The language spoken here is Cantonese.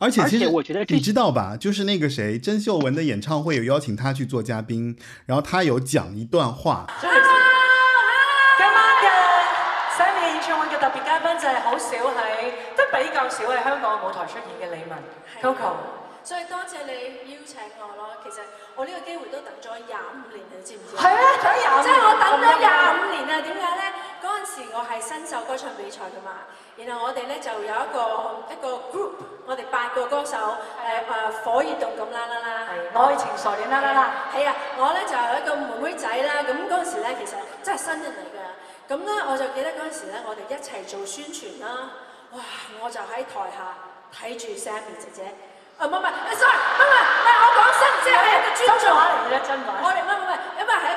而且，其實你知道吧？就是那個誰，鄭秀文的演唱會有邀請他去做嘉賓，然後他有講一段話。今晚嘅《鄭秀文演唱會嘅特別嘉賓》就係好少喺，都比較少喺香港舞台出現嘅李玟。Yeah. Coco，所以多謝你邀請我咯。其實我呢個機會都等咗廿五年，你知唔知？係啊、yeah,，等廿五年，即係我等咗廿五年啊？點解咧？嗰陣時我係新秀歌唱比賽噶嘛。然後我哋咧就有一個、嗯、一個 group，我哋八個歌手誒啊對、呃、火熱到咁啦啦啦，愛情傻點啦啦啦，係啊、嗯，我咧就有一個妹妹仔啦，咁嗰陣時咧其實真係新人嚟㗎，咁咧我就記得嗰陣時咧我哋一齊做宣傳啦，哇！我就喺台下睇住 Sammy 姐姐，啊唔係唔係，sorry，唔係我講新唔識係一個專業嚟嘅，真話。我